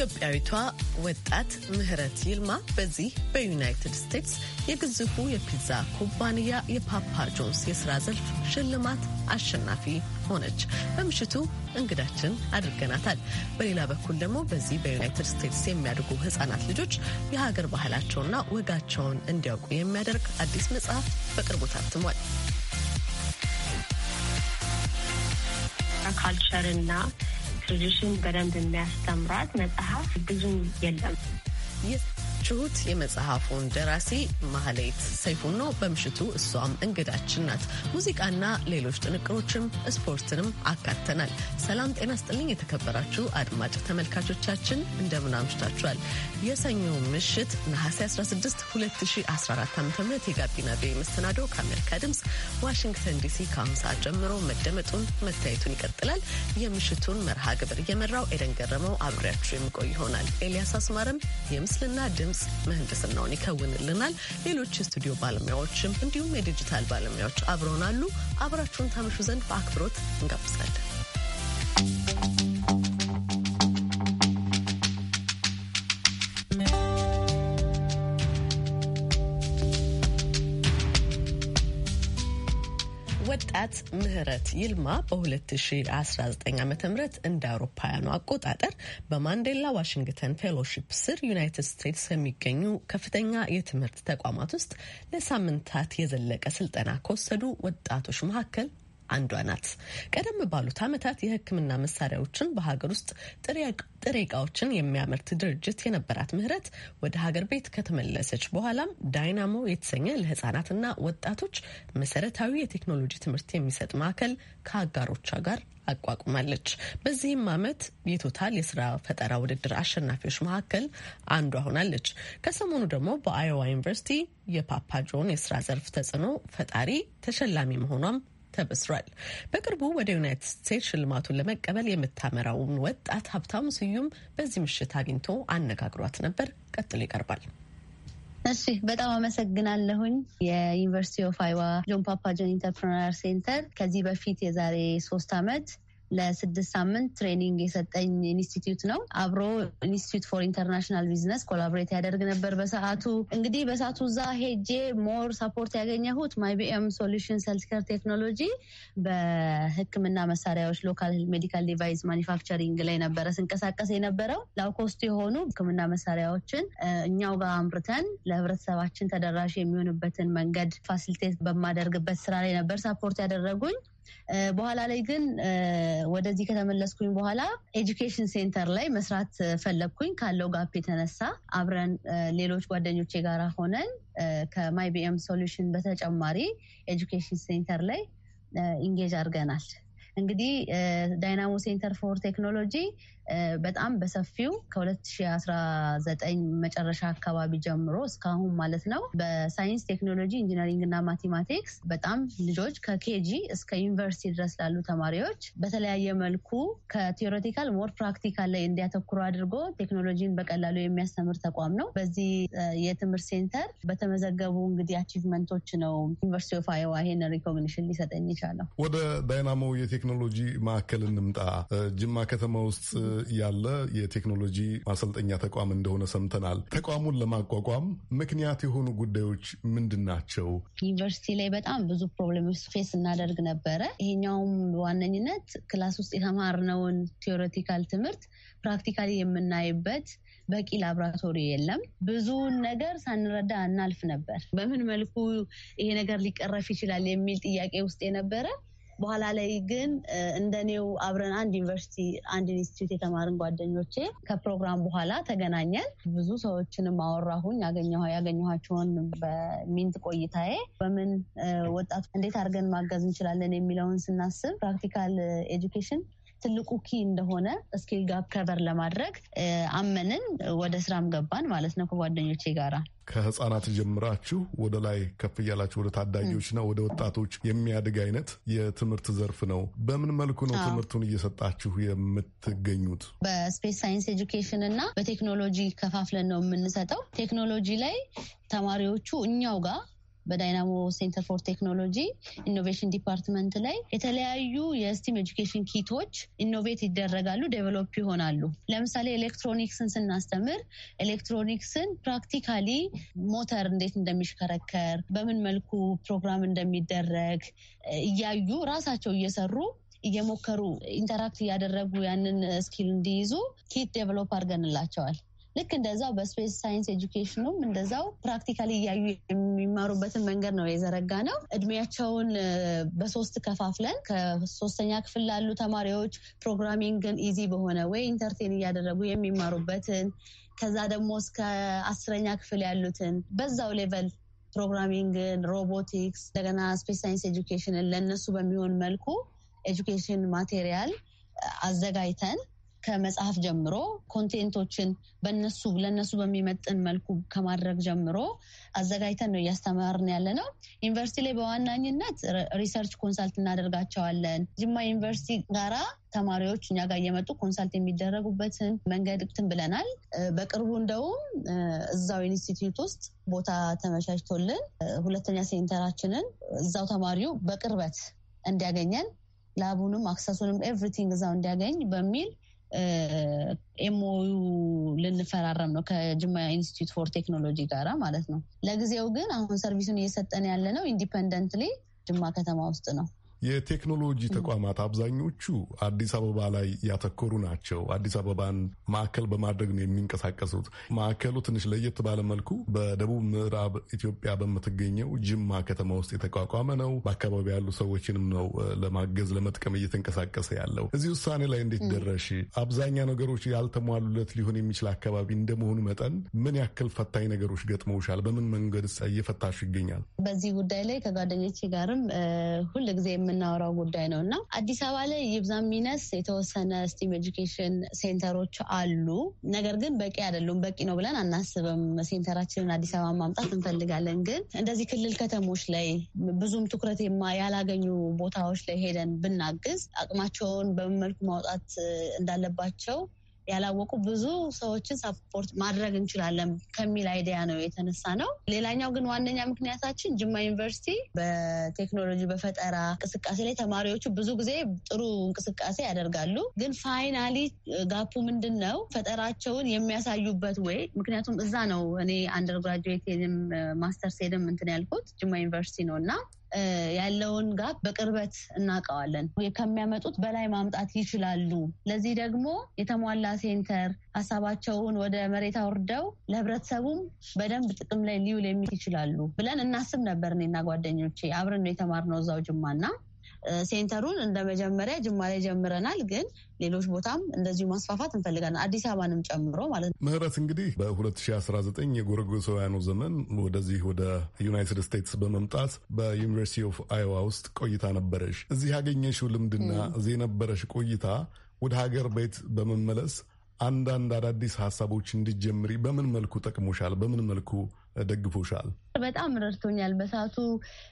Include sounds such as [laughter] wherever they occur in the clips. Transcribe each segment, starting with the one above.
ኢትዮጵያዊቷ ወጣት ምህረት ይልማ በዚህ በዩናይትድ ስቴትስ የግዙፉ የፒዛ ኩባንያ የፓፓ ጆንስ የስራ ዘርፍ ሽልማት አሸናፊ ሆነች። በምሽቱ እንግዳችን አድርገናታል። በሌላ በኩል ደግሞ በዚህ በዩናይትድ ስቴትስ የሚያድጉ ህጻናት ልጆች የሀገር ባህላቸውና ወጋቸውን እንዲያውቁ የሚያደርግ አዲስ መጽሐፍ በቅርቡ ታትሟል። ካልቸርና ልጆችን በደንብ የሚያስተምራት መጽሐፍ ብዙም የለም። የሰማችሁት የመጽሐፉን ደራሲ ማህሌት ሰይፉን ነው። በምሽቱ እሷም እንግዳችን ናት። ሙዚቃና ሌሎች ጥንቅሮችም ስፖርትንም አካተናል። ሰላም ጤና ስጥልኝ። የተከበራችሁ አድማጭ ተመልካቾቻችን እንደምን አምሽታችኋል? የሰኞ ምሽት ነሐሴ 16 2014 ዓ ም የጋቢና ቤ መሰናዶ ከአሜሪካ ድምፅ ዋሽንግተን ዲሲ ከአሁን ሰዓት ጀምሮ መደመጡን መታየቱን ይቀጥላል። የምሽቱን መርሃ ግብር እየመራው ኤደን ገረመው አብሬያችሁ የሚቆይ ይሆናል። ኤልያስ አስማረም የምስልና ድምፅ ምህንድስናውን ይከውንልናል። ሌሎች የስቱዲዮ ባለሙያዎችም እንዲሁም የዲጂታል ባለሙያዎች አብረውናሉ። አብራችሁን ታመሹ ዘንድ በአክብሮት እንጋብዛለን። ወጣት ምህረት ይልማ በ2019 ዓ ም እንደ አውሮፓውያኑ አቆጣጠር በማንዴላ ዋሽንግተን ፌሎሺፕ ስር ዩናይትድ ስቴትስ የሚገኙ ከፍተኛ የትምህርት ተቋማት ውስጥ ለሳምንታት የዘለቀ ስልጠና ከወሰዱ ወጣቶች መካከል አንዷ ናት። ቀደም ባሉት ዓመታት የሕክምና መሳሪያዎችን በሀገር ውስጥ ጥሬ እቃዎችን የሚያመርት ድርጅት የነበራት ምህረት ወደ ሀገር ቤት ከተመለሰች በኋላም ዳይናሞ የተሰኘ ለህጻናትና ወጣቶች መሰረታዊ የቴክኖሎጂ ትምህርት የሚሰጥ ማዕከል ከአጋሮቿ ጋር አቋቁማለች። በዚህም ዓመት የቶታል የስራ ፈጠራ ውድድር አሸናፊዎች መካከል አንዷ ሆናለች። ከሰሞኑ ደግሞ በአዮዋ ዩኒቨርሲቲ የፓፓጆን የስራ ዘርፍ ተጽዕኖ ፈጣሪ ተሸላሚ መሆኗም ተበስሯል። በቅርቡ ወደ ዩናይትድ ስቴትስ ሽልማቱን ለመቀበል የምታመራውን ወጣት ሀብታሙ ስዩም በዚህ ምሽት አግኝቶ አነጋግሯት ነበር። ቀጥሎ ይቀርባል። እሺ፣ በጣም አመሰግናለሁኝ። የዩኒቨርሲቲ ኦፍ አይዋ ጆን ፓፓጆን ጆን ኢንተርፕረነር ሴንተር ከዚህ በፊት የዛሬ ሶስት አመት ለስድስት ሳምንት ትሬኒንግ የሰጠኝ ኢንስቲትዩት ነው። አብሮ ኢንስቲትዩት ፎር ኢንተርናሽናል ቢዝነስ ኮላቦሬት ያደርግ ነበር በሰዓቱ እንግዲህ በሰዓቱ እዛ ሄጄ ሞር ሰፖርት ያገኘሁት ማይቢኤም ሶሉሽን ሄልስኬር ቴክኖሎጂ በሕክምና መሳሪያዎች ሎካል ሜዲካል ዲቫይስ ማኒፋክቸሪንግ ላይ ነበረ ስንቀሳቀስ የነበረው ላውኮስት የሆኑ ሕክምና መሳሪያዎችን እኛው ጋር አምርተን ለህብረተሰባችን ተደራሽ የሚሆንበትን መንገድ ፋሲሊቴት በማደርግበት ስራ ላይ ነበር ሰፖርት ያደረጉኝ። በኋላ ላይ ግን ወደዚህ ከተመለስኩኝ በኋላ ኤጁኬሽን ሴንተር ላይ መስራት ፈለግኩኝ። ካለው ጋፕ የተነሳ አብረን ሌሎች ጓደኞቼ ጋር ሆነን ከማይቢኤም ሶሉሽን በተጨማሪ ኤጁኬሽን ሴንተር ላይ ኢንጌጅ አድርገናል። እንግዲህ ዳይናሞ ሴንተር ፎር ቴክኖሎጂ በጣም በሰፊው ከ2019 መጨረሻ አካባቢ ጀምሮ እስካሁን ማለት ነው በሳይንስ ቴክኖሎጂ፣ ኢንጂነሪንግ እና ማቴማቲክስ በጣም ልጆች ከኬጂ እስከ ዩኒቨርሲቲ ድረስ ላሉ ተማሪዎች በተለያየ መልኩ ከቴዎሬቲካል ሞር ፕራክቲካል ላይ እንዲያተኩሩ አድርጎ ቴክኖሎጂን በቀላሉ የሚያስተምር ተቋም ነው። በዚህ የትምህርት ሴንተር በተመዘገቡ እንግዲህ አቺቭመንቶች ነው ዩኒቨርሲቲ ኦፍ አዮዋ ይሄን ሪኮግኒሽን ሊሰጠኝ ይቻለው። ወደ ዳይናሞ የቴክኖሎጂ ማዕከል እንምጣ። ጅማ ከተማ ውስጥ ያለ የቴክኖሎጂ ማሰልጠኛ ተቋም እንደሆነ ሰምተናል። ተቋሙን ለማቋቋም ምክንያት የሆኑ ጉዳዮች ምንድን ናቸው? ዩኒቨርሲቲ ላይ በጣም ብዙ ፕሮብሌሞች ፌስ እናደርግ ነበረ። ይሄኛውም በዋነኝነት ክላስ ውስጥ የተማርነውን ቴዎሬቲካል ትምህርት ፕራክቲካሊ የምናይበት በቂ ላብራቶሪ የለም። ብዙውን ነገር ሳንረዳ እናልፍ ነበር። በምን መልኩ ይሄ ነገር ሊቀረፍ ይችላል የሚል ጥያቄ ውስጥ የነበረ በኋላ ላይ ግን እንደኔው አብረን አንድ ዩኒቨርሲቲ አንድ ኢንስቲትዩት የተማርን ጓደኞቼ ከፕሮግራም በኋላ ተገናኘን። ብዙ ሰዎችንም አወራሁኝ ያገኘኋቸውን በሚንት ቆይታዬ በምን ወጣቱ እንዴት አድርገን ማገዝ እንችላለን የሚለውን ስናስብ ፕራክቲካል ኤጁኬሽን ትልቁ ኪ እንደሆነ ስኪል ጋፕ ከበር ለማድረግ አመንን። ወደ ስራም ገባን ማለት ነው ከጓደኞቼ ጋራ። ከህፃናት ጀምራችሁ ወደ ላይ ከፍ እያላችሁ ወደ ታዳጊዎችና ወደ ወጣቶች የሚያድግ አይነት የትምህርት ዘርፍ ነው። በምን መልኩ ነው ትምህርቱን እየሰጣችሁ የምትገኙት? በስፔስ ሳይንስ ኤጁኬሽን እና በቴክኖሎጂ ከፋፍለን ነው የምንሰጠው። ቴክኖሎጂ ላይ ተማሪዎቹ እኛው ጋር በዳይናሞ ሴንተር ፎር ቴክኖሎጂ ኢኖቬሽን ዲፓርትመንት ላይ የተለያዩ የስቲም ኤጁኬሽን ኪቶች ኢኖቬት ይደረጋሉ፣ ዴቨሎፕ ይሆናሉ። ለምሳሌ ኤሌክትሮኒክስን ስናስተምር ኤሌክትሮኒክስን ፕራክቲካሊ ሞተር እንዴት እንደሚሽከረከር በምን መልኩ ፕሮግራም እንደሚደረግ እያዩ ራሳቸው እየሰሩ እየሞከሩ ኢንተራክት እያደረጉ ያንን ስኪል እንዲይዙ ኪት ዴቨሎፕ አድርገንላቸዋል። ልክ እንደዛው በስፔስ ሳይንስ ኤጁኬሽኑም እንደዛው ፕራክቲካሊ እያዩ የሚማሩበትን መንገድ ነው የዘረጋ ነው። እድሜያቸውን በሶስት ከፋፍለን ከሶስተኛ ክፍል ላሉ ተማሪዎች ፕሮግራሚንግን ኢዚ በሆነ ወይ ኢንተርቴን እያደረጉ የሚማሩበትን ከዛ ደግሞ እስከ አስረኛ ክፍል ያሉትን በዛው ሌቨል ፕሮግራሚንግን፣ ሮቦቲክስ፣ እንደገና ስፔስ ሳይንስ ኤጁኬሽንን ለእነሱ በሚሆን መልኩ ኤጁኬሽን ማቴሪያል አዘጋጅተን ከመጽሐፍ ጀምሮ ኮንቴንቶችን በነሱ ለነሱ በሚመጥን መልኩ ከማድረግ ጀምሮ አዘጋጅተን ነው እያስተማርን ያለ ነው። ዩኒቨርሲቲ ላይ በዋናኝነት ሪሰርች ኮንሳልት እናደርጋቸዋለን። ጅማ ዩኒቨርሲቲ ጋራ ተማሪዎች እኛ ጋር እየመጡ ኮንሳልት የሚደረጉበትን መንገድ እንትን ብለናል። በቅርቡ እንደውም እዛው ኢንስቲትዩት ውስጥ ቦታ ተመቻችቶልን ሁለተኛ ሴንተራችንን እዛው ተማሪው በቅርበት እንዲያገኘን ላቡንም አክሰሱንም ኤቭሪቲንግ እዛው እንዲያገኝ በሚል ኤምኦዩ ልንፈራረም ነው ከጅማ ኢንስቲትዩት ፎር ቴክኖሎጂ ጋራ ማለት ነው። ለጊዜው ግን አሁን ሰርቪሱን እየሰጠን ያለ ነው ኢንዲፐንደንትሊ ጅማ ከተማ ውስጥ ነው። የቴክኖሎጂ ተቋማት አብዛኞቹ አዲስ አበባ ላይ ያተኮሩ ናቸው። አዲስ አበባን ማዕከል በማድረግ ነው የሚንቀሳቀሱት። ማዕከሉ ትንሽ ለየት ባለ መልኩ በደቡብ ምዕራብ ኢትዮጵያ በምትገኘው ጅማ ከተማ ውስጥ የተቋቋመ ነው። በአካባቢ ያሉ ሰዎችንም ነው ለማገዝ ለመጥቀም እየተንቀሳቀሰ ያለው። እዚህ ውሳኔ ላይ እንዴት ደረሽ? አብዛኛ ነገሮች ያልተሟሉለት ሊሆን የሚችል አካባቢ እንደመሆኑ መጠን ምን ያክል ፈታኝ ነገሮች ገጥመውሻል? በምን መንገድ እየፈታሹ ይገኛል? በዚህ ጉዳይ ላይ ከጓደኞቼ ጋርም ሁልጊዜ የምናወራው ጉዳይ ነው እና አዲስ አበባ ላይ ይብዛ ሚነስ የተወሰነ ስቲም ኤጁኬሽን ሴንተሮች አሉ። ነገር ግን በቂ አይደሉም። በቂ ነው ብለን አናስብም። ሴንተራችንን አዲስ አበባ ማምጣት እንፈልጋለን። ግን እንደዚህ ክልል ከተሞች ላይ ብዙም ትኩረት ያላገኙ ቦታዎች ላይ ሄደን ብናግዝ አቅማቸውን በምን መልኩ ማውጣት እንዳለባቸው ያላወቁ ብዙ ሰዎችን ሰፖርት ማድረግ እንችላለን ከሚል አይዲያ ነው የተነሳ ነው። ሌላኛው ግን ዋነኛ ምክንያታችን ጅማ ዩኒቨርሲቲ በቴክኖሎጂ በፈጠራ እንቅስቃሴ ላይ ተማሪዎቹ ብዙ ጊዜ ጥሩ እንቅስቃሴ ያደርጋሉ። ግን ፋይናሊ ጋፑ ምንድን ነው? ፈጠራቸውን የሚያሳዩበት ወይ ምክንያቱም እዛ ነው እኔ ማስተርስ ሄድም እንትን ያልኩት ጅማ ዩኒቨርሲቲ ነው እና ያለውን ጋፕ በቅርበት እናውቀዋለን። ከሚያመጡት በላይ ማምጣት ይችላሉ። ለዚህ ደግሞ የተሟላ ሴንተር ሀሳባቸውን ወደ መሬት አውርደው ለህብረተሰቡም በደንብ ጥቅም ላይ ሊውል የሚል ይችላሉ ብለን እናስብ ነበር። እኔና ጓደኞቼ አብረን ነው የተማርነው እዛው ጅማና ሴንተሩን እንደ መጀመሪያ ጅማ ጀምረናል፣ ግን ሌሎች ቦታም እንደዚሁ ማስፋፋት እንፈልጋለን፣ አዲስ አበባንም ጨምሮ ማለት ነው። ምህረት እንግዲህ በ2019 የጎረጎሰውያኑ ዘመን ወደዚህ ወደ ዩናይትድ ስቴትስ በመምጣት በዩኒቨርሲቲ ኦፍ አይዋ ውስጥ ቆይታ ነበረሽ። እዚህ ያገኘሽው ልምድና እዚህ የነበረሽ ቆይታ ወደ ሀገር ቤት በመመለስ አንዳንድ አዳዲስ ሀሳቦች እንዲጀምሪ በምን መልኩ ጠቅሞሻል? በምን መልኩ ደግፎሻል? በጣም ረድቶኛል። በሰዓቱ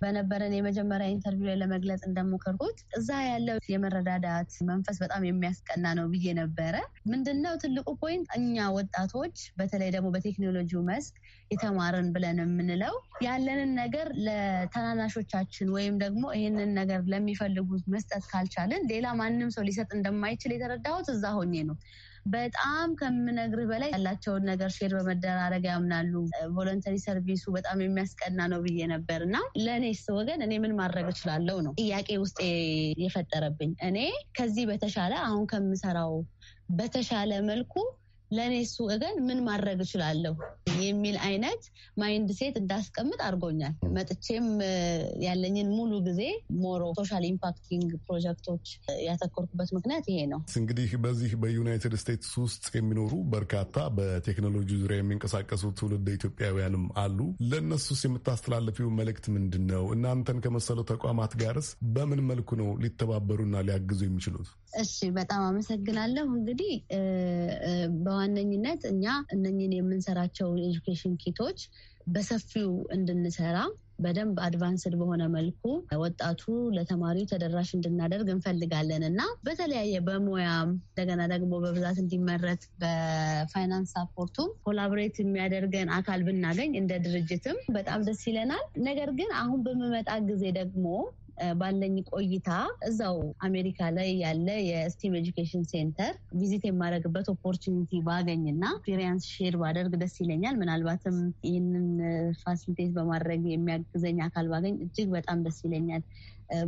በነበረን የመጀመሪያ ኢንተርቪው ላይ ለመግለጽ እንደሞከርኩት እዛ ያለው የመረዳዳት መንፈስ በጣም የሚያስቀና ነው ብዬ ነበረ። ምንድነው ትልቁ ፖይንት እኛ ወጣቶች በተለይ ደግሞ በቴክኖሎጂው መስክ የተማርን ብለን የምንለው ያለንን ነገር ለተናናሾቻችን ወይም ደግሞ ይህንን ነገር ለሚፈልጉት መስጠት ካልቻልን ሌላ ማንም ሰው ሊሰጥ እንደማይችል የተረዳሁት እዛ ሆኜ ነው። በጣም ከምነግርህ በላይ ያላቸውን ነገር ሼር በመደራረግ ያምናሉ። ቮለንተሪ ሰርቪሱ በጣም የሚያስቀና ነው ብዬ ነበር እና ለእኔስ ወገን እኔ ምን ማድረግ እችላለሁ ነው ጥያቄ ውስጥ የፈጠረብኝ። እኔ ከዚህ በተሻለ አሁን ከምሰራው በተሻለ መልኩ ለእኔ እሱ ግን ምን ማድረግ እችላለሁ የሚል አይነት ማይንድ ሴት እንዳስቀምጥ አድርጎኛል። መጥቼም ያለኝን ሙሉ ጊዜ ሞሮ ሶሻል ኢምፓክቲንግ ፕሮጀክቶች ያተኮርኩበት ምክንያት ይሄ ነው። እንግዲህ በዚህ በዩናይትድ ስቴትስ ውስጥ የሚኖሩ በርካታ በቴክኖሎጂ ዙሪያ የሚንቀሳቀሱ ትውልድ ኢትዮጵያውያንም አሉ። ለእነሱስ የምታስተላልፊው መልእክት ምንድን ነው? እናንተን ከመሰሉ ተቋማት ጋርስ በምን መልኩ ነው ሊተባበሩና ሊያግዙ የሚችሉት? እሺ፣ በጣም አመሰግናለሁ። እንግዲህ በዋነኝነት እኛ እነኝን የምንሰራቸው የኤጁኬሽን ኪቶች በሰፊው እንድንሰራ በደንብ አድቫንስድ በሆነ መልኩ ወጣቱ ለተማሪው ተደራሽ እንድናደርግ እንፈልጋለን እና በተለያየ በሙያም እንደገና ደግሞ በብዛት እንዲመረት በፋይናንስ ሳፖርቱም ኮላቦሬት የሚያደርገን አካል ብናገኝ እንደ ድርጅትም በጣም ደስ ይለናል። ነገር ግን አሁን በምመጣ ጊዜ ደግሞ ባለኝ ቆይታ እዛው አሜሪካ ላይ ያለ የስቲም ኤጁኬሽን ሴንተር ቪዚት የማደርግበት ኦፖርቹኒቲ ባገኝ እና ኤክስፒሪየንስ ሼር ባደርግ ደስ ይለኛል። ምናልባትም ይህንን ፋሲሊቴት በማድረግ የሚያግዘኝ አካል ባገኝ እጅግ በጣም ደስ ይለኛል።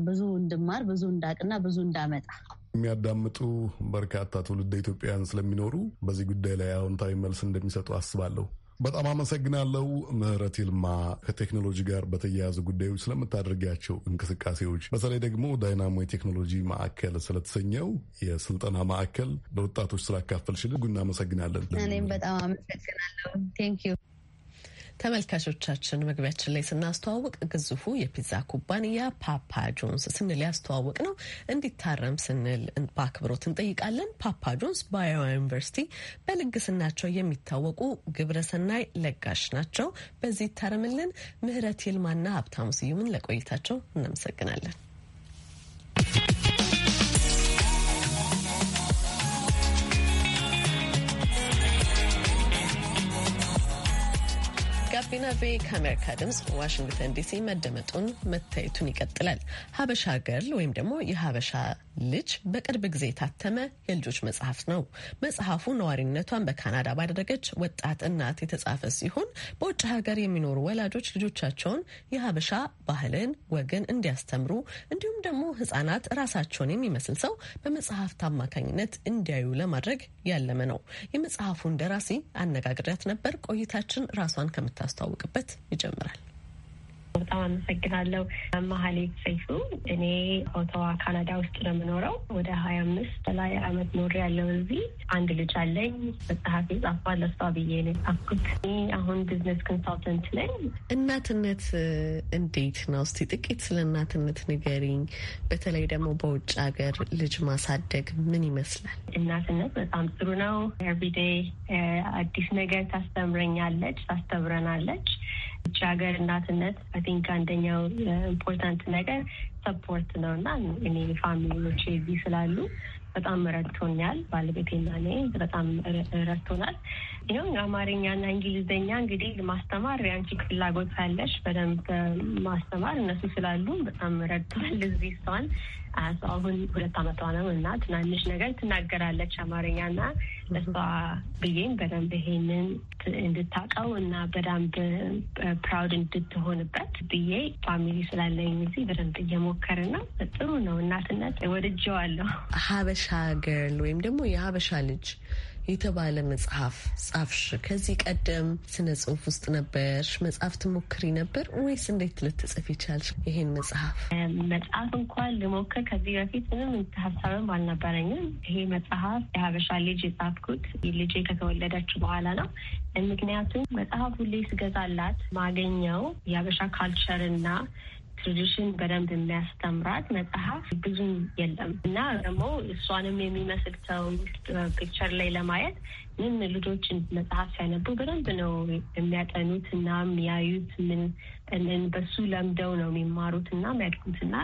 ብዙ እንድማር፣ ብዙ እንዳቅና ብዙ እንዳመጣ የሚያዳምጡ በርካታ ትውልደ ኢትዮጵያውያን ስለሚኖሩ በዚህ ጉዳይ ላይ አዎንታዊ መልስ እንደሚሰጡ አስባለሁ። በጣም አመሰግናለሁ ምህረት ይልማ። ከቴክኖሎጂ ጋር በተያያዙ ጉዳዮች ስለምታደርጋቸው እንቅስቃሴዎች፣ በተለይ ደግሞ ዳይናሞ የቴክኖሎጂ ማዕከል ስለተሰኘው የስልጠና ማዕከል ለወጣቶች ስላካፈልሽልን እናመሰግናለን። እኔም በጣም አመሰግናለሁ። ቴንክ ዩ ተመልካቾቻችን መግቢያችን ላይ ስናስተዋውቅ ግዙፉ የፒዛ ኩባንያ ፓፓ ጆንስ ስንል ያስተዋውቅ ነው እንዲታረም ስንል በአክብሮት እንጠይቃለን። ፓፓ ጆንስ በአዮዋ ዩኒቨርሲቲ በልግስናቸው የሚታወቁ ግብረሰናይ ለጋሽ ናቸው። በዚህ ይታረምልን። ምህረት ይልማና ሀብታሙ ስዩምን ለቆይታቸው እናመሰግናለን። ጋቢና ቤ ከአሜሪካ ድምጽ ዋሽንግተን ዲሲ መደመጡን መታየቱን ይቀጥላል። ሀበሻ ገርል ወይም ደግሞ የሀበሻ ልጅ በቅርብ ጊዜ የታተመ የልጆች መጽሐፍ ነው። መጽሐፉ ነዋሪነቷን በካናዳ ባደረገች ወጣት እናት የተጻፈ ሲሆን በውጭ ሀገር የሚኖሩ ወላጆች ልጆቻቸውን የሀበሻ ባህልን፣ ወግን እንዲያስተምሩ እንዲሁም ደግሞ ህጻናት ራሳቸውን የሚመስል ሰው በመጽሐፍት አማካኝነት እንዲያዩ ለማድረግ ያለመ ነው። የመጽሐፉን ደራሲ አነጋግሪያት ነበር። ቆይታችን ራሷን ከምታስተዋውቅበት ይጀምራል። በጣም አመሰግናለሁ። መሀሌት ሰይፉ እኔ ኦቶዋ ካናዳ ውስጥ ነው የምኖረው። ወደ ሀያ አምስት በላይ አመት ኖር ያለው እዚህ አንድ ልጅ አለኝ። መጽሐፍ የጻፋ ለሷ ብዬ ነው ጻፍኩት። አሁን ቢዝነስ ኮንሳልተንት ነኝ። እናትነት እንዴት ነው? እስቲ ጥቂት ስለ እናትነት ንገሪኝ። በተለይ ደግሞ በውጭ ሀገር ልጅ ማሳደግ ምን ይመስላል? እናትነት በጣም ጥሩ ነው። ኤቭሪዴይ አዲስ ነገር ታስተምረኛለች፣ ታስተምረናለች ውጭ ሀገር እናትነት አይ ቲንክ አንደኛው ኢምፖርታንት ነገር ሰፖርት ነው እና እኔ ፋሚሊዎች እዚህ ስላሉ በጣም ረድቶኛል። ባለቤቴና እኔ በጣም ረድቶናል። ይኸው አማርኛና እንግሊዝኛ እንግዲህ ማስተማር የአንቺ ፍላጎት ካለሽ በደንብ ማስተማር እነሱ ስላሉ በጣም ረድቷል። እዚህ እሷን አሁን ሁለት አመቷ ነው እና ትናንሽ ነገር ትናገራለች አማርኛና ለሷ ብዬም በደንብ ይሄንን እንድታቀው እና በደንብ ፕራውድ እንድትሆንበት ብዬ ፋሚሊ ስላለኝ እዚህ በደንብ እየሞከር ነው። ጥሩ ነው። እናትነት ወድጀዋለሁ። ሀበሻ ገርል ወይም ደግሞ የሀበሻ ልጅ የተባለ መጽሐፍ ጻፍሽ። ከዚህ ቀደም ስነ ጽሁፍ ውስጥ ነበርሽ? መጽሐፍ ትሞክሪ ነበር ወይስ እንዴት ልትጽፍ ይቻልሽ ይሄን መጽሐፍ? መጽሐፍ እንኳን ልሞክር ከዚህ በፊት ምንም ሀሳብም አልነበረኝም። ይሄ መጽሐፍ የሀበሻ ልጅ የጻፍኩት ልጄ ከተወለደች በኋላ ነው። ምክንያቱም መጽሐፍ ሁሌ ስገዛላት ማገኘው የሀበሻ ካልቸር እና ልጅሽን በደንብ የሚያስተምራት መጽሐፍ ብዙም የለም እና ደግሞ እሷንም የሚመስል ሰው ፒክቸር ላይ ለማየት ይህም ልጆችን መጽሐፍ ሲያነቡ በደንብ ነው የሚያጠኑት እና የሚያዩት ምን በሱ ለምደው ነው የሚማሩት እና የሚያድጉት እና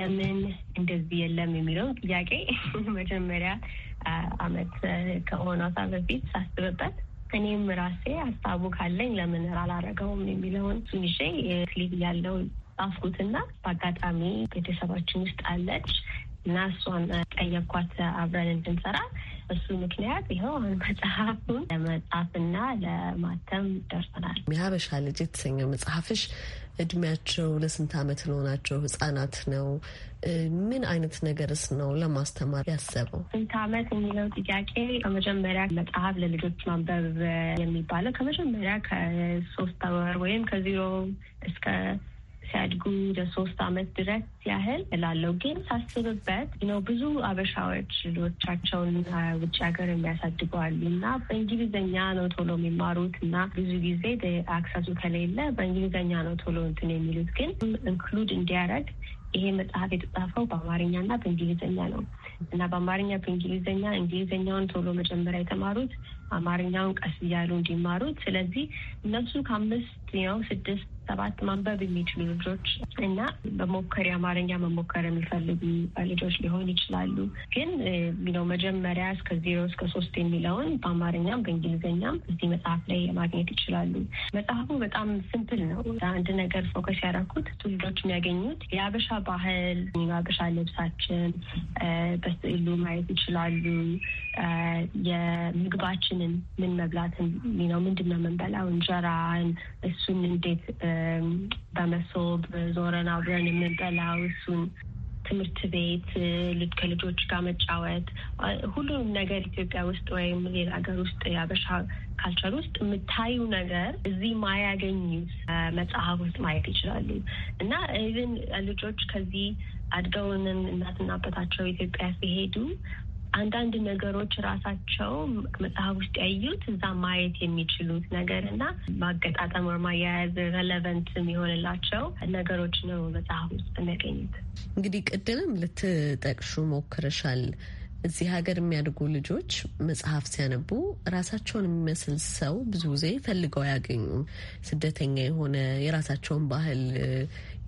ለምን እንደዚህ የለም የሚለውን ጥያቄ [laughs] መጀመሪያ አመት ከሆኗታ በፊት ሳስብበት እኔም ራሴ ሀሳቡ ካለኝ ለምን አላረገውም የሚለውን ትንሽ ክሊፕ ያለው ጻፍኩትና በአጋጣሚ ቤተሰባችን ውስጥ አለች እና እሷን ጠየኳት አብረን እንድንሰራ። እሱ ምክንያት ይኸው አሁን መጽሐፉን ለመጻፍና ለማተም ደርሰናል። የሀበሻ ልጅ የተሰኘው መጽሐፍሽ እድሜያቸው ለስንት ዓመት ለሆናቸው ህጻናት ነው? ምን አይነት ነገርስ ነው ለማስተማር ያሰበው? ስንት ዓመት የሚለው ጥያቄ ከመጀመሪያ መጽሐፍ ለልጆች ማንበብ የሚባለው ከመጀመሪያ ከሶስት ወር ወይም ከዜሮ እስከ ሲያድጉ ለሶስት አመት ድረስ ያህል እላለሁ። ግን ሳስብበት ነው ብዙ አበሻዎች ልጆቻቸውን ውጭ ሀገር የሚያሳድጉ አሉ እና በእንግሊዝኛ ነው ቶሎ የሚማሩት እና ብዙ ጊዜ አክሰሱ ከሌለ በእንግሊዝኛ ነው ቶሎ እንትን የሚሉት ግን ኢንክሉድ እንዲያደርግ ይሄ መጽሐፍ የተጻፈው በአማርኛ እና በእንግሊዝኛ ነው እና በአማርኛ በእንግሊዝኛ እንግሊዝኛውን ቶሎ መጀመሪያ የተማሩት አማርኛውን ቀስ እያሉ እንዲማሩት ስለዚህ እነሱ ከአምስት ያው ስድስት ሰባት ማንበብ የሚችሉ ልጆች እና በሞከሪ የአማርኛ መሞከር የሚፈልጉ ልጆች ሊሆን ይችላሉ። ግን ነው መጀመሪያ እስከ ዜሮ እስከ ሶስት የሚለውን በአማርኛም በእንግሊዝኛም እዚህ መጽሐፍ ላይ ማግኘት ይችላሉ። መጽሐፉ በጣም ስምፕል ነው። አንድ ነገር ፎከስ ያደረኩት ቱ ልጆች የሚያገኙት የአበሻ ባህል፣ የአበሻ ልብሳችን በስዕሉ ማየት ይችላሉ። የምግባችንን ምን መብላትን ነው ምንድን ነው የምንበላው እንጀራን እሱ እሱን እንዴት በመሶብ ዞረን አብረን የምንበላው እሱን ትምህርት ቤት ከልጆች ጋር መጫወት ሁሉንም ነገር ኢትዮጵያ ውስጥ ወይም ሌላ ሀገር ውስጥ የአበሻ ካልቸር ውስጥ የምታዩ ነገር እዚህ ማያገኝ መጽሐፍ ውስጥ ማየት ይችላሉ እና ኢቭን ልጆች ከዚህ አድገውን እናትና አባታቸው ኢትዮጵያ ሲሄዱ አንዳንድ ነገሮች ራሳቸው መጽሐፍ ውስጥ ያዩት እዛ ማየት የሚችሉት ነገር እና ማገጣጠም ወር ማያያዝ ረለቨንት የሚሆንላቸው ነገሮች ነው መጽሐፍ ውስጥ የሚያገኙት። እንግዲህ ቅድምም ልትጠቅሹ ሞክረሻል። እዚህ ሀገር የሚያድጉ ልጆች መጽሐፍ ሲያነቡ ራሳቸውን የሚመስል ሰው ብዙ ጊዜ ፈልገው አያገኙም። ስደተኛ የሆነ የራሳቸውን ባህል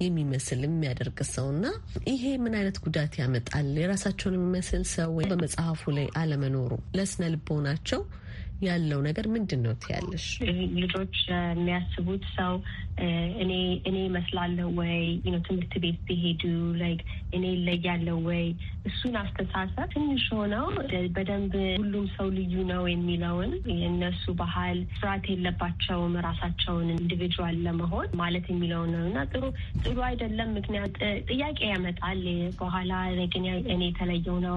የሚመስል የሚያደርግ ሰውና ይሄ ምን አይነት ጉዳት ያመጣል? የራሳቸውን የሚመስል ሰው በመጽሐፉ ላይ አለመኖሩ ለስነ ልቦናቸው ያለው ነገር ምንድን ነው ትያለሽ? ልጆች የሚያስቡት ሰው እኔ እኔ ይመስላለሁ ወይ ትምህርት ቤት ሲሄዱ ላይክ እኔ እለያለሁ ወይ እሱን አስተሳሰብ ትንሽ ሆነው በደንብ ሁሉም ሰው ልዩ ነው የሚለውን የእነሱ ባህል ስርዓት የለባቸውም ራሳቸውን ኢንዲቪጁዋል ለመሆን ማለት የሚለውን ነው እና ጥሩ ጥሩ አይደለም። ምክንያት ጥያቄ ያመጣል። በኋላ ግን እኔ የተለየው ነው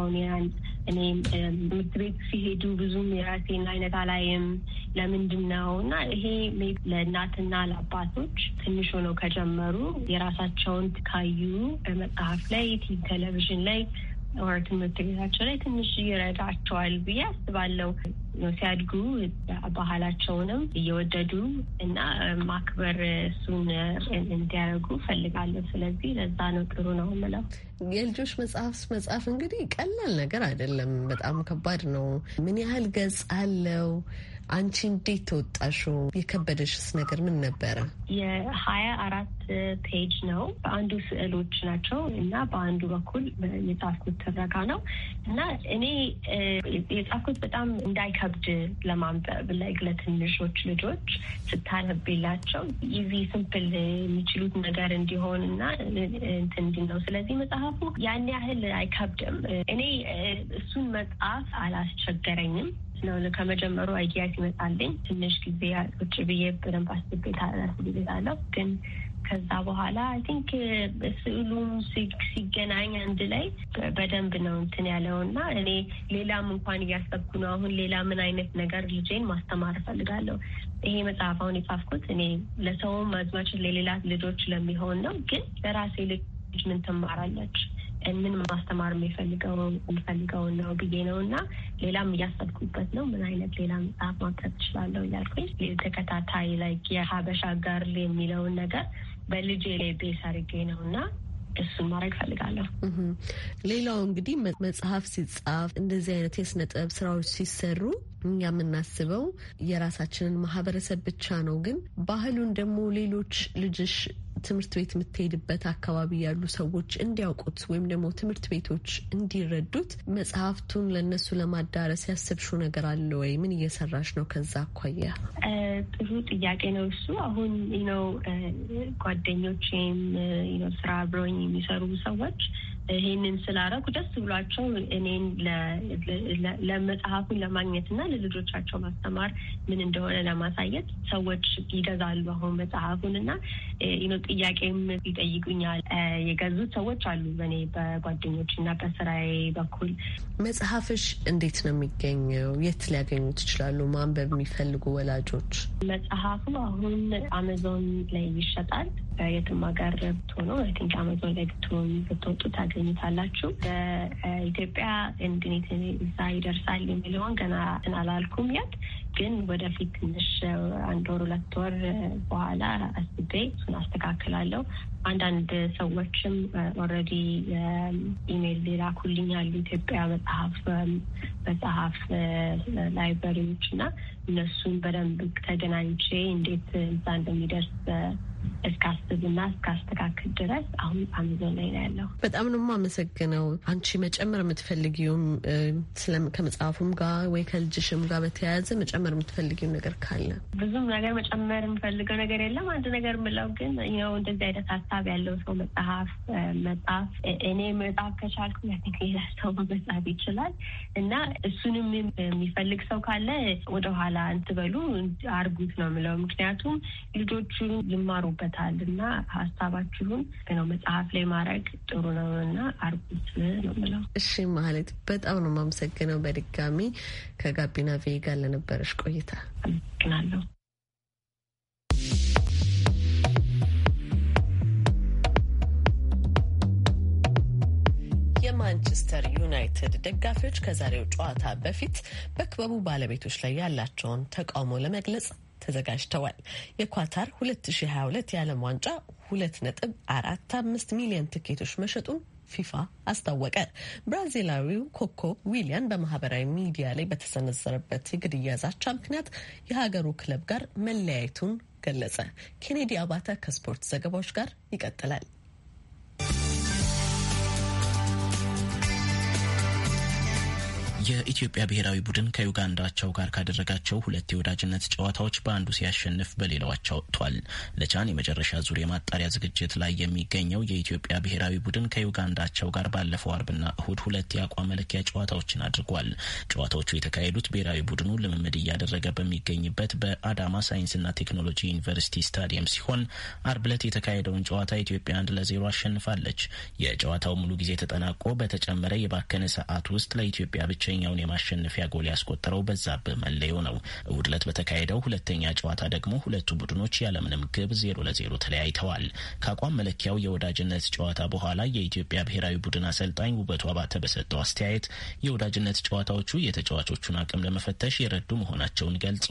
እኔ ትምህርት ቤት ሲሄዱ ብዙም የራሴን አይነት አላይም። ለምንድን ነው እና ይሄ ለእናትና ለአባቶች ትንሽ ሆነው ከጀመሩ የራሳቸውን ካዩ በመጽሐፍ ላይ ቲቪ፣ ቴሌቪዥን ላይ ወር ትምህርት ቤታቸው ላይ ትንሽ ይረዳቸዋል ብዬ አስባለሁ። ሲያድጉ ባህላቸውንም እየወደዱ እና ማክበር እሱን እንዲያደርጉ ፈልጋለሁ። ስለዚህ ለዛ ነው ጥሩ ነው ምለው። የልጆች መጽሐፍ መጽሐፍ እንግዲህ ቀላል ነገር አይደለም፣ በጣም ከባድ ነው። ምን ያህል ገጽ አለው? አንቺ እንዴት ተወጣሹ? የከበደሽስ ነገር ምን ነበረ? የሀያ አራት ፔጅ ነው። በአንዱ ስዕሎች ናቸው እና በአንዱ በኩል የጻፍኩት ትረካ ነው እና እኔ የጻፍኩት በጣም እንዳይከብድ ለማንበብ ላይ ለትንሾች ልጆች ስታነብላቸው ይዚ ስምፕል የሚችሉት ነገር እንዲሆን እና እንትን ነው። ስለዚህ መጽሐፉ ያን ያህል አይከብድም። እኔ እሱን መጽሐፍ አላስቸገረኝም። ስለሆነ ከመጀመሩ አይዲያ ሲመጣልኝ ትንሽ ጊዜ ቁጭ ብዬ በደንብ አስቤታለሁ። ግን ከዛ በኋላ አይ ቲንክ ስዕሉም ሲገናኝ አንድ ላይ በደንብ ነው እንትን ያለው እና እኔ ሌላም እንኳን እያሰብኩ ነው። አሁን ሌላ ምን አይነት ነገር ልጄን ማስተማር እፈልጋለሁ። ይሄ መጽሐፍ አሁን የጻፍኩት እኔ ለሰውም አዝማችን ለሌላ ልጆች ለሚሆን ነው። ግን ለራሴ ልጅ ምን ትማራለች ምን ማስተማር የምፈልገውን ነው ብዬ ነው እና ሌላም እያሰብኩበት ነው። ምን አይነት ሌላ መጽሐፍ ማቅረብ እችላለሁ እያልኩኝ ተከታታይ ላይ የሀበሻ ጋርል የሚለውን ነገር በልጄ ላይ ቤስ አድርጌ ነው እና እሱን ማድረግ ፈልጋለሁ። ሌላው እንግዲህ መጽሐፍ ሲጻፍ እንደዚህ አይነት የስነ ጥበብ ስራዎች ሲሰሩ እኛ የምናስበው የራሳችንን ማህበረሰብ ብቻ ነው። ግን ባህሉን ደግሞ ሌሎች ልጅሽ ትምህርት ቤት የምትሄድበት አካባቢ ያሉ ሰዎች እንዲያውቁት ወይም ደግሞ ትምህርት ቤቶች እንዲረዱት መጽሐፍቱን ለእነሱ ለማዳረስ ያሰብሽው ነገር አለ ወይ? ምን እየሰራሽ ነው ከዛ አኳያ? ጥሩ ጥያቄ ነው እሱ። አሁን ነው ጓደኞቼም ስራ አብረውኝ የሚሰሩ ሰዎች ይሄንን ስላረኩ ደስ ብሏቸው እኔን ለመጽሐፉን ለማግኘት እና ለልጆቻቸው ማስተማር ምን እንደሆነ ለማሳየት ሰዎች ይገዛሉ አሁን መጽሐፉን እና ጥያቄም ይጠይቁኛል። የገዙት ሰዎች አሉ በእኔ በጓደኞች እና በስራዬ በኩል። መጽሐፍሽ እንዴት ነው የሚገኘው? የት ሊያገኙት ይችላሉ? ማንበብ የሚፈልጉ ወላጆች መጽሐፉ አሁን አመዞን ላይ ይሸጣል። የትም ሀገር ብትሆኑ አይ ቲንክ አመዞን ላይ ብትሆኑ ታገ ታገኙታላችሁ። ኢትዮጵያ እንዴት እዛ ይደርሳል የሚለውን ገና እንትን አላልኩም ያት ግን ወደፊት ትንሽ አንድ ወር ሁለት ወር በኋላ አስቤ እሱን አስተካክላለሁ። አንዳንድ ሰዎችም ኦልሬዲ ኢሜይል ላኩልኝ አሉ ኢትዮጵያ መጽሐፍ መጽሐፍ ላይብረሪዎች እና እነሱን በደንብ ተገናኝቼ እንዴት እዛ እንደሚደርስ እስካስብና እስካስተካክል ድረስ አሁን አሚዞን ላይ ነው ያለው። በጣም ነው የማመሰግነው። አንቺ መጨመር የምትፈልጊውም ከመጽሐፉም ጋር ወይ ከልጅሽም ጋር በተያያዘ መጨመር የምትፈልጊው ነገር ካለ? ብዙም ነገር መጨመር የምፈልገው ነገር የለም። አንድ ነገር ምለው ግን ያው እንደዚህ አይነት ሀሳብ ያለው ሰው መጽሐፍ መጽሐፍ እኔ መጽሐፍ ከቻልኩ ሌላ ሰው መጽሐፍ ይችላል እና እሱንም የሚፈልግ ሰው ካለ ወደኋላ እንትበሉ አርጉት ነው ምለው። ምክንያቱም ልጆቹ ይማሩበት ይደርስበታልና ሀሳባችሁን ነው መጽሐፍ ላይ ማድረግ ጥሩ ነው እና አርጉት ነው ብለው። እሺ ማለት በጣም ነው የማመሰግነው በድጋሚ ከጋቢና ቪ ጋር ለነበረች ቆይታ አመሰግናለሁ። ማንቸስተር ዩናይትድ ደጋፊዎች ከዛሬው ጨዋታ በፊት በክበቡ ባለቤቶች ላይ ያላቸውን ተቃውሞ ለመግለጽ ተዘጋጅተዋል። የኳታር 2022 የዓለም ዋንጫ 2.45 ሚሊዮን ትኬቶች መሸጡን ፊፋ አስታወቀ። ብራዚላዊው ኮኮ ዊሊያን በማህበራዊ ሚዲያ ላይ በተሰነዘረበት የግድያ ዛቻ ምክንያት የሀገሩ ክለብ ጋር መለያየቱን ገለጸ። ኬኔዲ አባተ ከስፖርት ዘገባዎች ጋር ይቀጥላል። የኢትዮጵያ ብሔራዊ ቡድን ከዩጋንዳቸው ጋር ካደረጋቸው ሁለት የወዳጅነት ጨዋታዎች በአንዱ ሲያሸንፍ በሌላው አቻ ወጥቷል። ለቻን የመጨረሻ ዙር የማጣሪያ ዝግጅት ላይ የሚገኘው የኢትዮጵያ ብሔራዊ ቡድን ከዩጋንዳቸው ጋር ባለፈው አርብና እሁድ ሁለት የአቋም መለኪያ ጨዋታዎችን አድርጓል። ጨዋታዎቹ የተካሄዱት ብሔራዊ ቡድኑ ልምምድ እያደረገ በሚገኝበት በአዳማ ሳይንስና ቴክኖሎጂ ዩኒቨርሲቲ ስታዲየም ሲሆን አርብ ዕለት የተካሄደውን ጨዋታ ኢትዮጵያ አንድ ለዜሮ አሸንፋለች። የጨዋታው ሙሉ ጊዜ ተጠናቆ በተጨመረ የባከነ ሰዓት ውስጥ ለኢትዮጵያ ብቻ ሁለተኛውን የማሸነፊያ ጎል ያስቆጠረው በዛብህ መለዮ ነው። እሁድ ዕለት በተካሄደው ሁለተኛ ጨዋታ ደግሞ ሁለቱ ቡድኖች ያለምንም ግብ ዜሮ ለዜሮ ተለያይተዋል። ከአቋም መለኪያው የወዳጅነት ጨዋታ በኋላ የኢትዮጵያ ብሔራዊ ቡድን አሰልጣኝ ውበቱ አባተ በሰጠው አስተያየት የወዳጅነት ጨዋታዎቹ የተጫዋቾቹን አቅም ለመፈተሽ የረዱ መሆናቸውን ገልጾ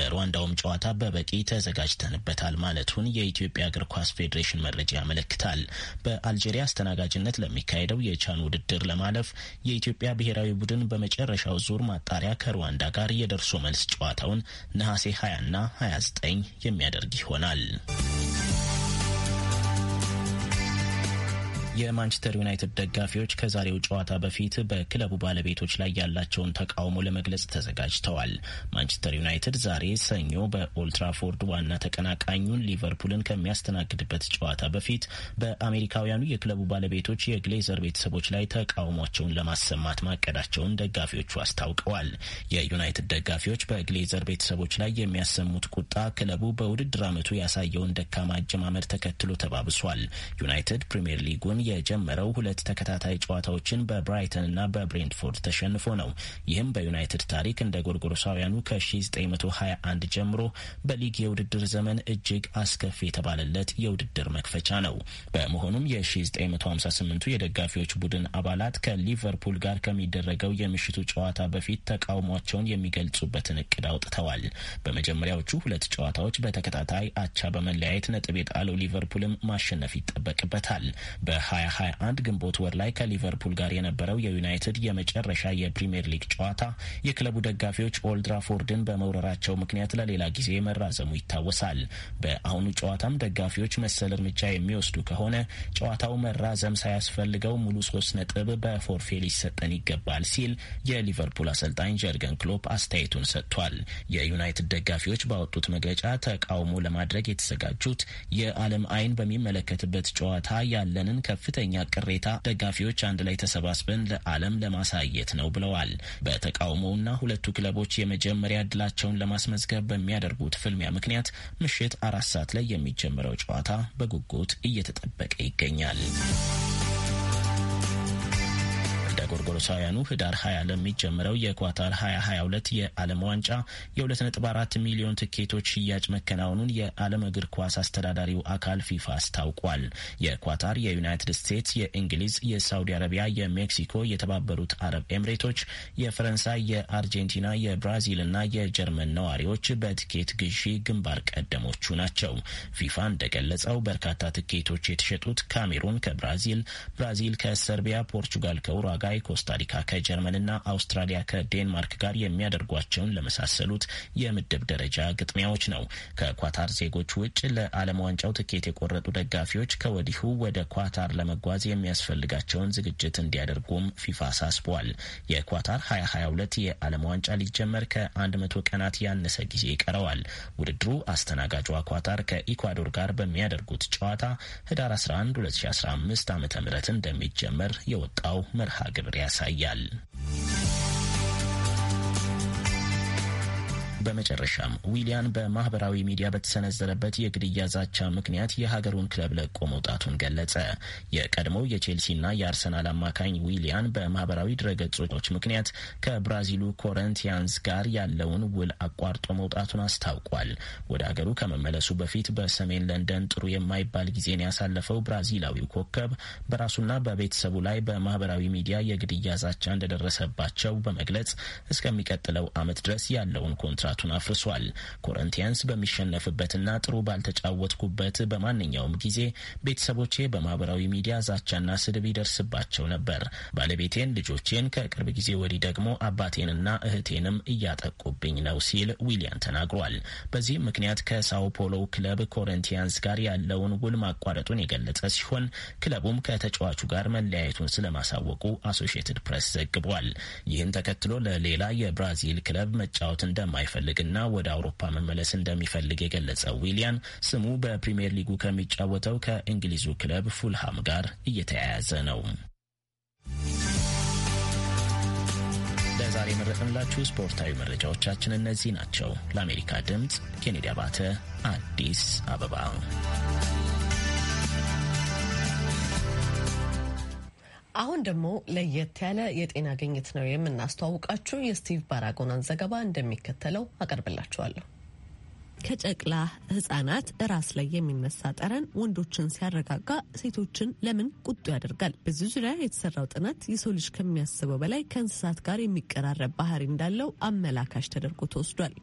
ለሩዋንዳውም ጨዋታ በበቂ ተዘጋጅተንበታል ማለቱን የኢትዮጵያ እግር ኳስ ፌዴሬሽን መረጃ ያመለክታል። በአልጄሪያ አስተናጋጅነት ለሚካሄደው የቻን ውድድር ለማለፍ የኢትዮጵያ ብሔራዊ ቡድን በመ የመጨረሻው ዙር ማጣሪያ ከሩዋንዳ ጋር የደርሶ መልስ ጨዋታውን ነሐሴ 20ና 29 የሚያደርግ ይሆናል። የማንቸስተር ዩናይትድ ደጋፊዎች ከዛሬው ጨዋታ በፊት በክለቡ ባለቤቶች ላይ ያላቸውን ተቃውሞ ለመግለጽ ተዘጋጅተዋል። ማንቸስተር ዩናይትድ ዛሬ ሰኞ በኦልትራፎርድ ዋና ተቀናቃኙን ሊቨርፑልን ከሚያስተናግድበት ጨዋታ በፊት በአሜሪካውያኑ የክለቡ ባለቤቶች የግሌዘር ቤተሰቦች ላይ ተቃውሟቸውን ለማሰማት ማቀዳቸውን ደጋፊዎቹ አስታውቀዋል። የዩናይትድ ደጋፊዎች በግሌዘር ቤተሰቦች ላይ የሚያሰሙት ቁጣ ክለቡ በውድድር ዓመቱ ያሳየውን ደካማ አጀማመድ ተከትሎ ተባብሷል። ዩናይትድ ፕሪምየር ሊጉን የጀመረው ሁለት ተከታታይ ጨዋታዎችን በብራይተን እና በብሬንትፎርድ ተሸንፎ ነው። ይህም በዩናይትድ ታሪክ እንደ ጎርጎሮሳውያኑ ከ1921 ጀምሮ በሊግ የውድድር ዘመን እጅግ አስከፊ የተባለለት የውድድር መክፈቻ ነው። በመሆኑም የ1958ቱ የደጋፊዎች ቡድን አባላት ከሊቨርፑል ጋር ከሚደረገው የምሽቱ ጨዋታ በፊት ተቃውሟቸውን የሚገልጹበትን እቅድ አውጥተዋል። በመጀመሪያዎቹ ሁለት ጨዋታዎች በተከታታይ አቻ በመለያየት ነጥብ የጣለው ሊቨርፑልም ማሸነፍ ይጠበቅበታል። 2021 ግንቦት ወር ላይ ከሊቨርፑል ጋር የነበረው የዩናይትድ የመጨረሻ የፕሪምየር ሊግ ጨዋታ የክለቡ ደጋፊዎች ኦልድራፎርድን በመውረራቸው ምክንያት ለሌላ ጊዜ መራዘሙ ይታወሳል። በአሁኑ ጨዋታም ደጋፊዎች መሰል እርምጃ የሚወስዱ ከሆነ ጨዋታው መራዘም ሳያስፈልገው ሙሉ ሶስት ነጥብ በፎርፌ ሊሰጠን ይገባል ሲል የሊቨርፑል አሰልጣኝ ጀርገን ክሎፕ አስተያየቱን ሰጥቷል። የዩናይትድ ደጋፊዎች ባወጡት መግለጫ ተቃውሞ ለማድረግ የተዘጋጁት የዓለም አይን በሚመለከትበት ጨዋታ ያለንን ከፍ ከፍተኛ ቅሬታ ደጋፊዎች አንድ ላይ ተሰባስበን ለዓለም ለማሳየት ነው ብለዋል። በተቃውሞውና ሁለቱ ክለቦች የመጀመሪያ እድላቸውን ለማስመዝገብ በሚያደርጉት ፍልሚያ ምክንያት ምሽት አራት ሰዓት ላይ የሚጀምረው ጨዋታ በጉጉት እየተጠበቀ ይገኛል። በጎርጎሮሳውያኑ ህዳር 20 ለሚጀምረው የኳታር 2022 የዓለም ዋንጫ የ2.4 ሚሊዮን ትኬቶች ሽያጭ መከናወኑን የዓለም እግር ኳስ አስተዳዳሪው አካል ፊፋ አስታውቋል። የኳታር፣ የዩናይትድ ስቴትስ፣ የእንግሊዝ፣ የሳውዲ አረቢያ፣ የሜክሲኮ፣ የተባበሩት አረብ ኤምሬቶች፣ የፈረንሳይ፣ የአርጀንቲና፣ የብራዚልና የጀርመን ነዋሪዎች በትኬት ግዢ ግንባር ቀደሞቹ ናቸው። ፊፋ እንደገለጸው በርካታ ትኬቶች የተሸጡት ካሜሩን ከብራዚል፣ ብራዚል ከሰርቢያ፣ ፖርቹጋል ከኡራጋይ በተመሳሳይ ኮስታሪካ ከጀርመንና አውስትራሊያ ከዴንማርክ ጋር የሚያደርጓቸውን ለመሳሰሉት የምድብ ደረጃ ግጥሚያዎች ነው። ከኳታር ዜጎች ውጭ ለዓለም ዋንጫው ትኬት የቆረጡ ደጋፊዎች ከወዲሁ ወደ ኳታር ለመጓዝ የሚያስፈልጋቸውን ዝግጅት እንዲያደርጉም ፊፋ አሳስቧል። የኳታር 2022 የዓለም ዋንጫ ሊጀመር ከ100 ቀናት ያነሰ ጊዜ ይቀረዋል። ውድድሩ አስተናጋጇ ኳታር ከኢኳዶር ጋር በሚያደርጉት ጨዋታ ህዳር 11 2015 ዓ ም እንደሚጀመር የወጣው መርሃ ግብር Gracias, በመጨረሻም ዊሊያን በማህበራዊ ሚዲያ በተሰነዘረበት የግድያ ዛቻ ምክንያት የሀገሩን ክለብ ለቆ መውጣቱን ገለጸ። የቀድሞው የቼልሲና የአርሰናል አማካኝ ዊሊያን በማህበራዊ ድረገጾች ምክንያት ከብራዚሉ ኮረንቲያንስ ጋር ያለውን ውል አቋርጦ መውጣቱን አስታውቋል። ወደ ሀገሩ ከመመለሱ በፊት በሰሜን ለንደን ጥሩ የማይባል ጊዜን ያሳለፈው ብራዚላዊው ኮከብ በራሱና በቤተሰቡ ላይ በማህበራዊ ሚዲያ የግድያ ዛቻ እንደደረሰባቸው በመግለጽ እስከሚቀጥለው ዓመት ድረስ ያለውን ኮንትራ ስርዓቱን አፍርሷል። ኮረንቲያንስ በሚሸነፍበትና ጥሩ ባልተጫወትኩበት በማንኛውም ጊዜ ቤተሰቦቼ በማህበራዊ ሚዲያ ዛቻና ስድብ ይደርስባቸው ነበር። ባለቤቴን፣ ልጆቼን፣ ከቅርብ ጊዜ ወዲህ ደግሞ አባቴንና እህቴንም እያጠቁብኝ ነው ሲል ዊሊያን ተናግሯል። በዚህም ምክንያት ከሳው ፖሎ ክለብ ኮረንቲያንስ ጋር ያለውን ውል ማቋረጡን የገለጸ ሲሆን ክለቡም ከተጫዋቹ ጋር መለያየቱን ስለማሳወቁ አሶሺየትድ ፕሬስ ዘግቧል። ይህን ተከትሎ ለሌላ የብራዚል ክለብ መጫወት እንደማይፈ እንደሚፈልግና ወደ አውሮፓ መመለስ እንደሚፈልግ የገለጸው ዊሊያን ስሙ በፕሪምየር ሊጉ ከሚጫወተው ከእንግሊዙ ክለብ ፉልሃም ጋር እየተያያዘ ነው። ለዛሬ የመረጥንላችሁ ስፖርታዊ መረጃዎቻችን እነዚህ ናቸው። ለአሜሪካ ድምፅ ኬኔዲ አባተ አዲስ አበባ አሁን ደግሞ ለየት ያለ የጤና ግኝት ነው የምናስተዋውቃችሁ። የስቲቭ ባራጎናን ዘገባ እንደሚከተለው አቀርብላችኋለሁ። ከጨቅላ ህጻናት ራስ ላይ የሚነሳ ጠረን ወንዶችን ሲያረጋጋ ሴቶችን ለምን ቁጡ ያደርጋል? በዚህ ዙሪያ የተሰራው ጥናት የሰው ልጅ ከሚያስበው በላይ ከእንስሳት ጋር የሚቀራረብ ባህሪ እንዳለው አመላካሽ ተደርጎ ተወስዷል።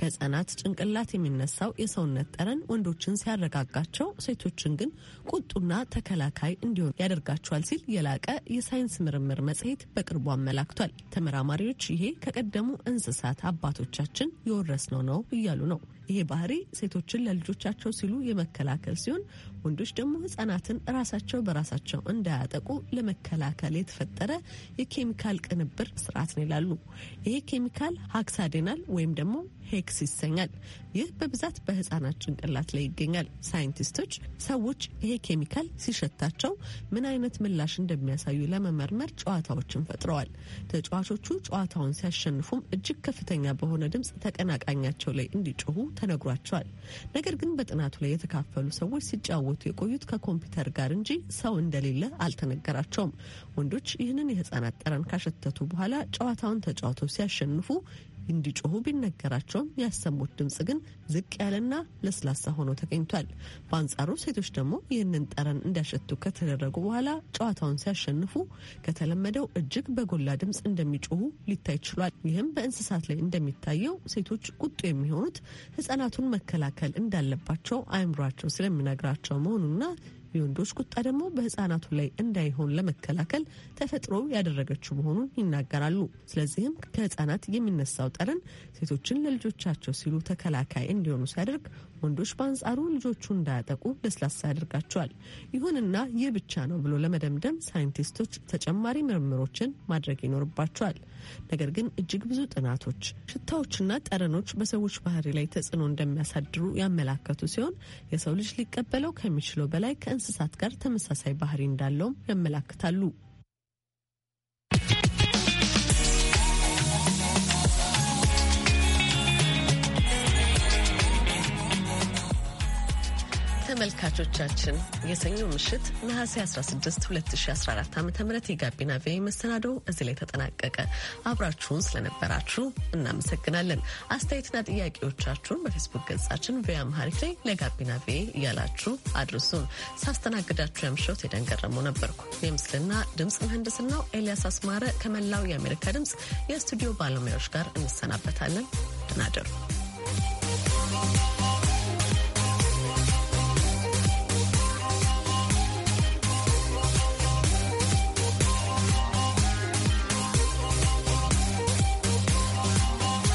ከህጻናት ጭንቅላት የሚነሳው የሰውነት ጠረን ወንዶችን ሲያረጋጋቸው፣ ሴቶችን ግን ቁጡና ተከላካይ እንዲሆን ያደርጋቸዋል ሲል የላቀ የሳይንስ ምርምር መጽሔት በቅርቡ አመላክቷል። ተመራማሪዎች ይሄ ከቀደሙ እንስሳት አባቶቻችን የወረስነው ነው እያሉ ነው። ይሄ ባህሪ ሴቶችን ለልጆቻቸው ሲሉ የመከላከል ሲሆን ወንዶች ደግሞ ህጻናትን ራሳቸው በራሳቸው እንዳያጠቁ ለመከላከል የተፈጠረ የኬሚካል ቅንብር ስርዓት ነው ይላሉ። ይሄ ኬሚካል ሀክሳዴናል ወይም ደግሞ ሄክስ ይሰኛል። ይህ በብዛት በህጻናት ጭንቅላት ላይ ይገኛል። ሳይንቲስቶች ሰዎች ይሄ ኬሚካል ሲሸታቸው ምን አይነት ምላሽ እንደሚያሳዩ ለመመርመር ጨዋታዎችን ፈጥረዋል። ተጫዋቾቹ ጨዋታውን ሲያሸንፉም እጅግ ከፍተኛ በሆነ ድምፅ ተቀናቃኛቸው ላይ እንዲጮሁ ተነግሯቸዋል። ነገር ግን በጥናቱ ላይ የተካፈሉ ሰዎች ሲጫወ ሲጫወቱ የቆዩት ከኮምፒውተር ጋር እንጂ ሰው እንደሌለ አልተነገራቸውም። ወንዶች ይህንን የህጻናት ጠረን ካሸተቱ በኋላ ጨዋታውን ተጫውተው ሲያሸንፉ እንዲጮሁ ቢነገራቸውም ያሰሙት ድምፅ ግን ዝቅ ያለና ለስላሳ ሆኖ ተገኝቷል። በአንጻሩ ሴቶች ደግሞ ይህንን ጠረን እንዲያሸቱ ከተደረጉ በኋላ ጨዋታውን ሲያሸንፉ ከተለመደው እጅግ በጎላ ድምፅ እንደሚጮሁ ሊታይ ችሏል። ይህም በእንስሳት ላይ እንደሚታየው ሴቶች ቁጡ የሚሆኑት ህጻናቱን መከላከል እንዳለባቸው አይምሯቸው ስለሚነግራቸው መሆኑና የወንዶች ቁጣ ደግሞ በህጻናቱ ላይ እንዳይሆን ለመከላከል ተፈጥሮ ያደረገችው መሆኑን ይናገራሉ። ስለዚህም ከህጻናት የሚነሳው ጠረን ሴቶችን ለልጆቻቸው ሲሉ ተከላካይ እንዲሆኑ ሲያደርግ፣ ወንዶች በአንጻሩ ልጆቹ እንዳያጠቁ ለስላሳ ያደርጋቸዋል። ይሁንና ይህ ብቻ ነው ብሎ ለመደምደም ሳይንቲስቶች ተጨማሪ ምርምሮችን ማድረግ ይኖርባቸዋል። ነገር ግን እጅግ ብዙ ጥናቶች ሽታዎችና ጠረኖች በሰዎች ባህሪ ላይ ተጽዕኖ እንደሚያሳድሩ ያመላከቱ ሲሆን የሰው ልጅ ሊቀበለው ከሚችለው በላይ ከእንስሳት ጋር ተመሳሳይ ባህሪ እንዳለውም ያመላክታሉ። ተመልካቾቻችን የሰኞ ምሽት ነሐሴ 16 2014 ዓ ም የጋቢና ቪ መሰናዶ እዚህ ላይ ተጠናቀቀ። አብራችሁን ስለነበራችሁ እናመሰግናለን። አስተያየትና ጥያቄዎቻችሁን በፌስቡክ ገጻችን ቪ አምሃሪክ ላይ ለጋቢና ቪ እያላችሁ አድርሱን። ሳስተናግዳችሁ ያምሸውት የደን ገረመው ነበርኩ። የምስልና ድምፅ ምህንድስናው ኤልያስ አስማረ ከመላው የአሜሪካ ድምፅ የስቱዲዮ ባለሙያዎች ጋር እንሰናበታለን። ደህና እደሩ።